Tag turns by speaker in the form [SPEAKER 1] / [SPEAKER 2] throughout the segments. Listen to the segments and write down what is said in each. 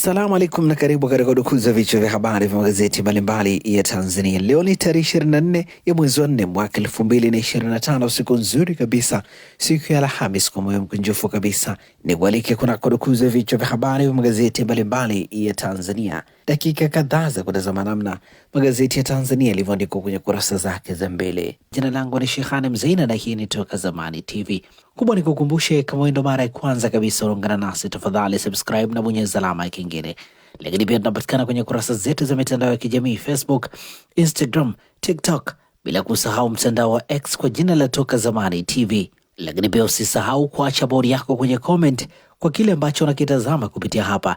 [SPEAKER 1] Assalamu alaikum na karibu katika kudukuza vichwa vya habari vya magazeti mbalimbali ya Tanzania. Leo ni tarehe 24 ya mwezi wa 4 mwaka 2025, siku nzuri kabisa, siku ya Alhamis kwa moyo mkunjufu kabisa. Ni kualike kuna kudukuza vichwa vya habari vya magazeti mbalimbali ya Tanzania dakika kadhaa za kutazama namna magazeti ya Tanzania yalivyoandikwa kwenye kurasa zake za mbele. Jina langu ni Shehane Mzeina na hii ni Toka Zamani TV. Kubwa ni kukumbushe, kama ndo mara ya kwanza kabisa unaungana nasi, tafadhali subscribe na bonyeza alama ya kengele. Lakini pia tunapatikana kwenye kurasa zetu za mitandao ya kijamii Facebook, Instagram, TikTok, bila kusahau mtandao wa X kwa jina la Toka Zamani TV. Lakini pia usisahau kuacha bodi yako kwenye comment kwa kile ambacho unakitazama kupitia hapa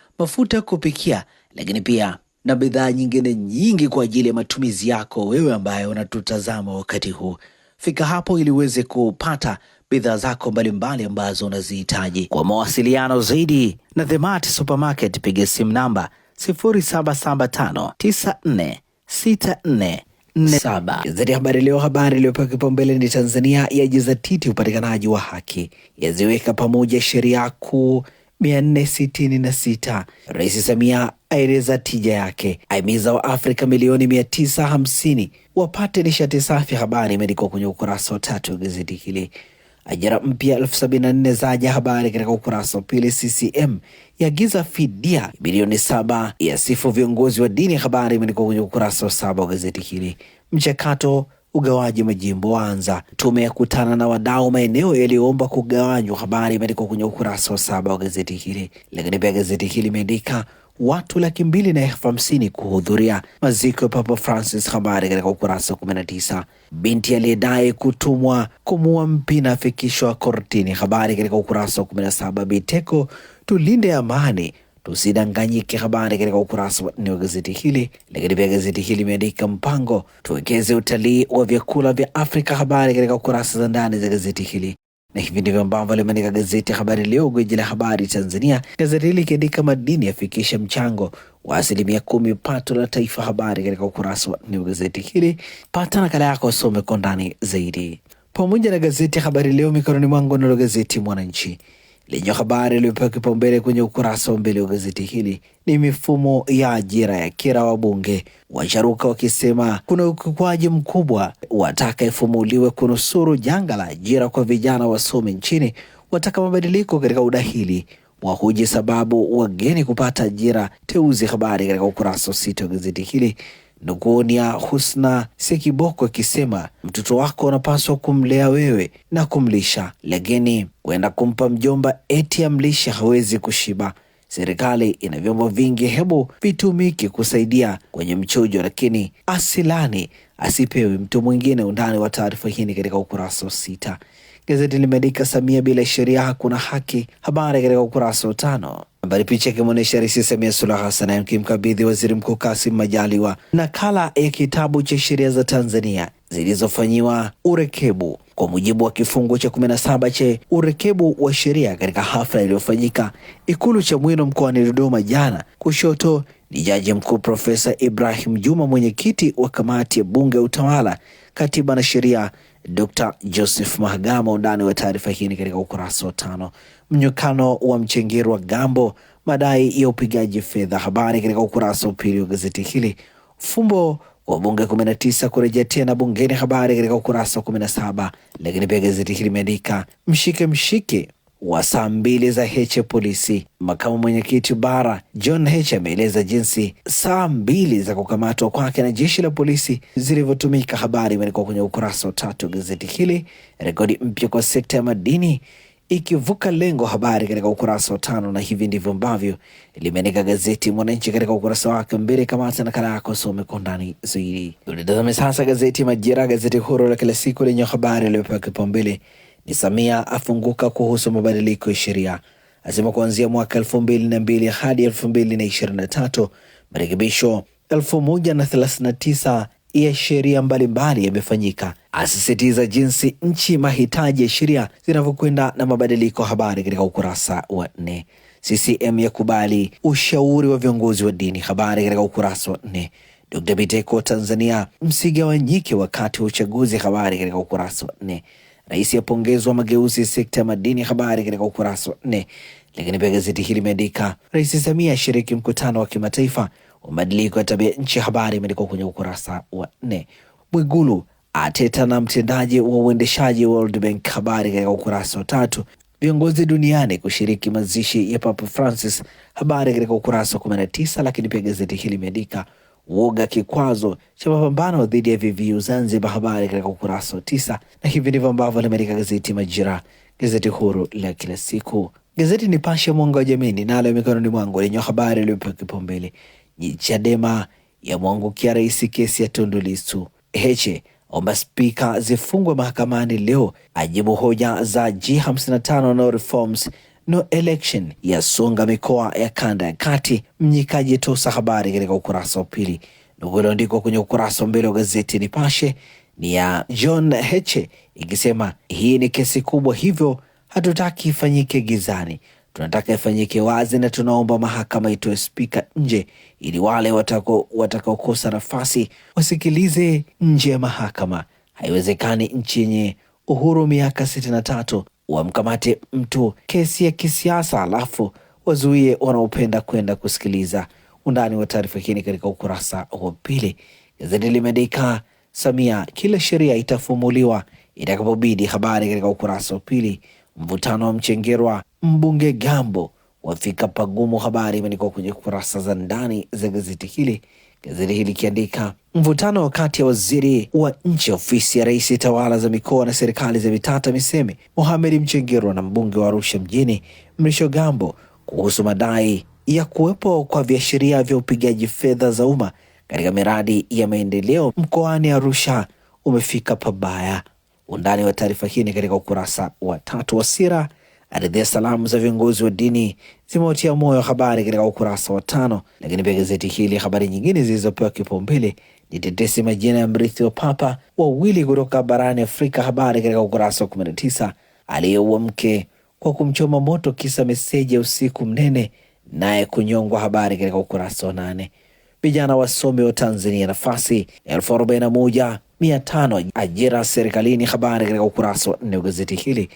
[SPEAKER 1] mafuta ya kupikia, lakini pia na bidhaa nyingine nyingi kwa ajili ya matumizi yako wewe ambaye unatutazama wakati huu. Fika hapo ili uweze kupata bidhaa zako mbalimbali ambazo unazihitaji. Kwa mawasiliano zaidi na Themart Supermarket piga simu namba 0775946447. Gazeti Habari Leo, habari iliyopewa kipaumbele ni Tanzania yajizatiti upatikanaji wa haki, yaziweka pamoja sheria kuu 466. Rais Samia aeleza tija yake, aimiza wa afrika milioni 950 wapate nishati safi. Habari imeandikwa kwenye ukurasa wa tatu wa gazeti hili. Ajira mpya 74 zaja, habari katika ukurasa wa pili. CCM yagiza fidia bilioni saba, sifu viongozi wa dini, habari imeandikwa kwenye ukurasa wa saba wa gazeti hili. Mchakato Ugawaji majimbo anza Tume kutana na wadau maeneo yaliyoomba kugawanywa. Habari imeandikwa kwenye ukurasa wa saba wa gazeti hili. Lakini pia gazeti hili imeandika watu laki mbili na elfu hamsini kuhudhuria maziko ya Papa Francis. Habari katika ukurasa kumi na tisa. Binti aliyedai kutumwa kumua mpina afikishwa kortini. Habari katika ukurasa wa kumi na saba. Biteko tulinde amani Tusidanganyike, habari katika ukurasa wa nne wa gazeti hili. Lakini pia gazeti hili imeandika mpango tuwekeze utalii wa vyakula vya Afrika, habari katika ukurasa za ndani za gazeti hili na hivi ndivyo ambavyo limeandika gazeti ya Habari Leo, gwiji la habari Tanzania. Gazeti hili ikiandika madini yafikisha mchango wa asilimia kumi pato la taifa, habari katika ukurasa wa nne wa gazeti hili. Pata nakala yako usome kwa ndani zaidi, pamoja na gazeti ya Habari Leo mikononi mwangu, nalo gazeti Mwananchi lenye habari iliyopewa kipaumbele kwenye ukurasa wa mbele wa gazeti hili ni mifumo ya ajira ya kira wabunge, washaruka wakisema kuna ukiukwaji mkubwa, wataka ifumuliwe kunusuru janga la ajira kwa vijana wasomi nchini, wataka mabadiliko katika udahili wahuji sababu wageni kupata ajira teuzi. Habari katika ukurasa wa sita wa gazeti hili ya Husna Sekiboko akisema mtoto wako unapaswa kumlea wewe na kumlisha, lakini kwenda kumpa mjomba eti amlishe hawezi kushiba. Serikali ina vyombo vingi, hebu vitumike kusaidia kwenye mchujo, lakini asilani asipewe mtu mwingine. Undani wa taarifa hii ni katika ukurasa wa sita. Gazeti limeandika Samia bila sheria hakuna haki, habari katika ukurasa wa tano. Habari picha ikimwonyesha Rais Samia Suluhu Hassan akimkabidhi Waziri Mkuu Kassim Majaliwa nakala ya kitabu cha sheria za Tanzania zilizofanyiwa urekebu kwa mujibu wa kifungu cha 17 cha urekebu wa sheria katika hafla iliyofanyika Ikulu Chamwino mkoani Dodoma jana. Kushoto ni Jaji Mkuu Profesa Ibrahim Juma, mwenyekiti wa kamati ya Bunge ya Utawala, Katiba na Sheria, Dr. Joseph Mahagama. Undani wa taarifa hii katika ukurasa wa tano mnyukano wa mchengerwa Gambo, madai ya upigaji fedha. Habari katika ukurasa wa pili wa gazeti hili. Fumbo wabunge 19 kurejea tena bungeni, habari katika ukurasa wa 17. Lakini pia gazeti hili limeandika mshike mshike wa saa mbili za Heche polisi. Makamu mwenyekiti bara John Heche ameeleza jinsi saa mbili za kukamatwa kwake na jeshi la polisi zilivyotumika. Habari imeandikwa kwenye ukurasa wa tatu wa gazeti hili. Rekodi mpya kwa sekta ya madini ikivuka lengo. Habari katika ukurasa wa tano, na hivi ndivyo ambavyo limeandika gazeti Mwananchi katika ukurasa wake mbele. Kamata nakala yako some kwa ndani zaidi. Ulitazame sasa gazeti Majira, gazeti huru la kila siku lenye habari iliyopewa kipaumbele ni Samia afunguka kuhusu mabadiliko ya sheria, asema kuanzia mwaka elfu mbili na mbili hadi elfu mbili na ishirini na tatu marekebisho elfu moja na thelathini na tisa ya sheria mbalimbali yamefanyika, asisitiza jinsi nchi mahitaji ya sheria zinavyokwenda na mabadiliko. Habari katika ukurasa wa nne. CCM yakubali ushauri wa viongozi wa dini. Habari katika ukurasa wa nne. d Biteko, Tanzania msigawanyike wakati wa uchaguzi. Habari katika ukurasa wa nne. Rais apongezwa mageuzi ya sekta ya madini. Habari katika ukurasa wa nne. Lakini pia gazeti hili limeandika Rais Samia ashiriki mkutano wa kimataifa wa mabadiliko ya tabia nchi. Habari imeandikwa kwenye ukurasa wa nne. Mwigulu ateta na mtendaji wa uendeshaji World Bank. Habari katika ukurasa wa tatu. Viongozi duniani kushiriki mazishi ya Papa Francis. Habari katika ukurasa wa tisa. Lakini pia gazeti hili limeandika uoga kikwazo cha mapambano dhidi ya VVU Zanzibar. Habari katika ukurasa wa tisa, na hivi ndivyo ambavyo limeandika gazeti Majira, gazeti huru la kila siku. Gazeti Nipashe mwanga wa jamii ninalo mikononi mwangu lenye habari iliyopewa kipaumbele ni Chadema yamwangukia rais kesi ya Tundu Lissu. Heche omba spika zifungwe mahakamani leo ajibu hoja za G55 no reforms no election yasonga mikoa ya kanda ya kati. Mnyikaji tosa habari katika ukurasa wa pili. Nukuu iliyoandikwa kwenye ukurasa wa mbele wa gazeti Nipashe ni ya John Heche ikisema hii ni kesi kubwa, hivyo Hatutaki ifanyike gizani, tunataka ifanyike wazi, na tunaomba mahakama itoe spika nje ili wale watakaokosa nafasi wasikilize nje ya mahakama. Haiwezekani nchi yenye uhuru miaka sitini na tatu wamkamate mtu kesi ya kisiasa alafu wazuie wanaopenda kwenda kusikiliza. Undani wa taarifa hii ni katika ukurasa wa pili. Gazeti limeandika Samia, kila sheria itafumuliwa itakapobidi. Habari katika ukurasa wa pili. Mvutano wa Mchengerwa mbunge Gambo wafika pagumu. Habari imeandikwa kwenye kurasa za ndani za gazeti hili, gazeti hili likiandika mvutano kati ya waziri wa nchi ofisi ya rais tawala za mikoa na serikali za mitaa TAMISEMI Mohamed Mchengerwa na mbunge wa Arusha mjini Mrisho Gambo kuhusu madai ya kuwepo kwa viashiria vya upigaji fedha za umma katika miradi ya maendeleo mkoani Arusha umefika pabaya. Undani wa taarifa hii ni katika ukurasa wa tatu wa Sira. Aridhia salamu za viongozi wa dini zimewatia moyo, habari katika ukurasa wa tano. Lakini pia gazeti hili, habari nyingine zilizopewa kipaumbele ni tetesi majina ya mrithi wa papa wawili kutoka barani Afrika, habari katika ukurasa wa tisa. Aliyeua mke kwa kumchoma moto kisa meseji ya usiku mnene, naye kunyongwa, habari katika ukurasa wa nane. Vijana wasomi wa Tanzania nafasi elfu arobaini na moja mia tano ajira serikalini. Habari katika ukurasa wa nne wa gazeti hili.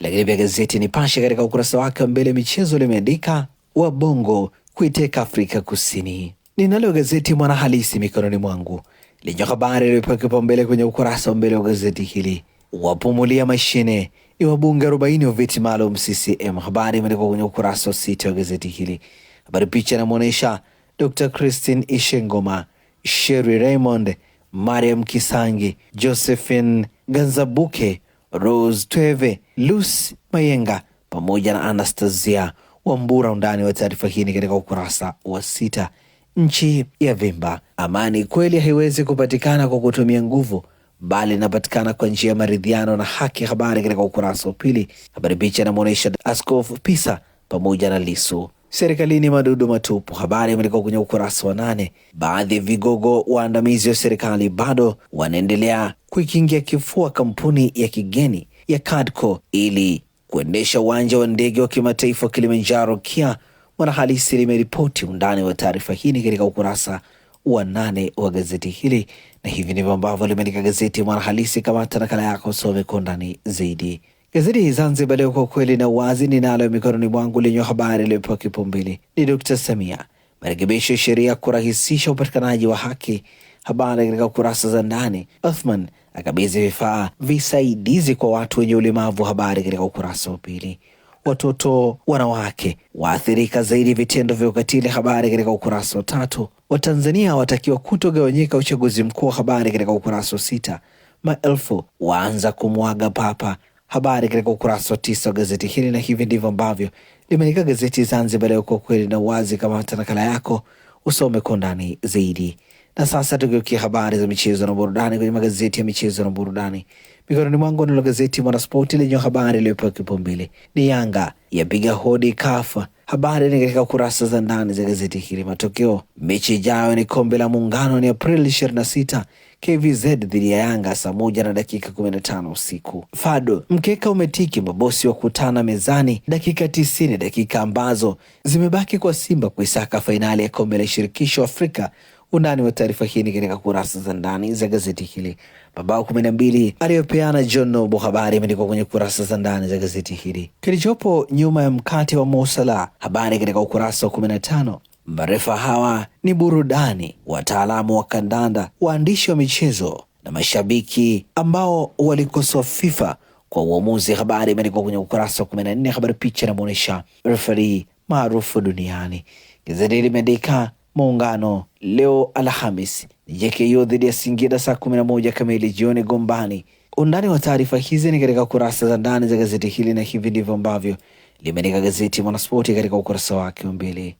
[SPEAKER 1] Lakini pia gazeti Nipashe katika ukurasa wake wa mbele michezo limeandika wa bongo kuiteka Afrika Kusini. Ninalo gazeti Mwanahalisi mikononi mwangu lenye habari iliyopewa kipaumbele kwenye ukurasa wa mbele wa gazeti hili, wapumulia mashine ni wabunge arobaini wa viti maalum CCM. Habari imeandikwa kwenye ukurasa wa sita wa gazeti hili. Habari picha inamwonyesha Dr Christine Ishengoma, Sheri Raymond Mariam Kisangi, Josephine Ganzabuke, Rose Tweve, Lucy Mayenga pamoja na Anastasia Wambura. Undani wa taarifa hii ni katika ukurasa wa sita. Nchi ya vimba. Amani kweli haiwezi kupatikana kwa kutumia nguvu, bali inapatikana kwa njia ya maridhiano na haki. Habari katika ukurasa wa pili. Habari picha inamwonyesha Askofu Pisa pamoja na Lisu serikalini madudu matupu. Habari imeandikwa kwenye ukurasa wa nane. Baadhi ya vigogo waandamizi wa serikali bado wanaendelea kuikingia kifua kampuni ya kigeni ya Kadco ili kuendesha uwanja wa ndege wa kimataifa wa Kilimanjaro KIA. Mwanahalisi limeripoti undani wa taarifa hii ni katika ukurasa wa nane wa gazeti hili, na hivi ndivyo ambavyo limeandika gazeti Mwanahalisi. Kamata nakala yako usome kwa undani zaidi. Gazeti Zanzibar Leo, kwa kweli na uwazi, ninalo mikononi mwangu lenye habari iliyopewa kipaumbele ni Dkt Samia, marekebisho ya sheria kurahisisha upatikanaji wa haki. Habari katika kurasa za ndani. Othman akabidhi vifaa visaidizi kwa watu wenye ulemavu, habari katika ukurasa wa pili. Watoto wanawake waathirika zaidi vitendo vya ukatili, habari katika ukurasa wa tatu. Watanzania watakiwa kutogawanyika uchaguzi mkuu, habari katika ukurasa wa sita. Maelfu waanza kumwaga papa habari katika ukurasa wa tisa wa gazeti hili, na hivi ndivyo ambavyo limeandika gazeti Zanzibar Leo, kwa na uwazi. Kamata nakala yako usome kwa undani zaidi. Na sasa tugeukia habari za michezo na burudani kwenye magazeti ya michezo na burudani. Mikononi mwangu nalo gazeti Mwanaspoti lenye habari iliyopewa kipaumbele ni Yanga yapiga hodi kafa Habari ni katika kurasa za ndani za gazeti hili. Matokeo mechi ijayo ni kombe la Muungano, ni Aprili 26 KVZ dhidi ya Yanga saa moja na dakika 15 usiku. Fado, mkeka umetiki, mabosi wa kutana mezani dakika tisini, dakika ambazo zimebaki kwa Simba kuisaka fainali ya kombe la shirikisho Afrika Undani wa taarifa hii ni katika kurasa za ndani za gazeti hili. Mabao kumi na mbili aliyopeana John Nobo, habari imeandikwa kwenye kurasa za ndani za gazeti hili. Kilichopo nyuma ya mkate wa Mosala, habari katika ukurasa wa kumi na tano. Marefa hawa ni burudani, wataalamu wa kandanda, waandishi wa michezo na mashabiki ambao walikosoa FIFA kwa uamuzi. Habari imeandikwa kwenye ukurasa wa kumi na nne. Habari picha inamwonyesha refari maarufu duniani. Gazeti limeandika Muungano leo Alhamis ni JKU dhidi ya Singida saa kumi na moja kamili jioni Gombani. Undani wa taarifa hizi ni katika kurasa za ndani za gazeti hili, na hivi ndivyo ambavyo limeandika gazeti Mwanaspoti katika ukurasa wake wa mbili.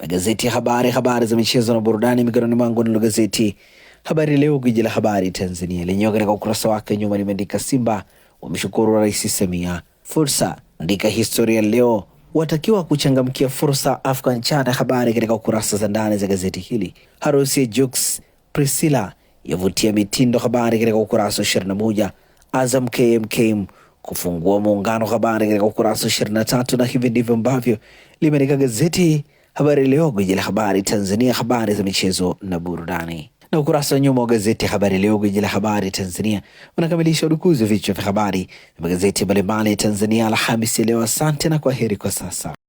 [SPEAKER 1] Magazeti ya habari, habari za michezo na burudani mikononi mwangu, nalo gazeti Habari Leo, gwiji la habari Tanzania, lenyewe katika ukurasa wake nyuma limeandika Simba wameshukuru Rais Samia, fursa andika historia leo watakiwa kuchangamkia fursa Afghan Chana. Habari katika kurasa za ndani za gazeti hili. Harusi ya Jux Priscilla yavutia mitindo. Habari katika ukurasa wa 21. Azam KMKM kufungua muungano. Habari katika ukurasa wa 23. Na hivi ndivyo ambavyo limeandika gazeti Habari Leo, gwiji la habari Tanzania, habari za michezo na burudani na ukurasa wa nyuma wa gazeti ya Habari Leo, gwiji la habari Tanzania, unakamilisha udukuzi wa vichwa vya habari magazeti mbalimbali ya Tanzania Alhamisi leo. Asante na kwaheri kwa sasa.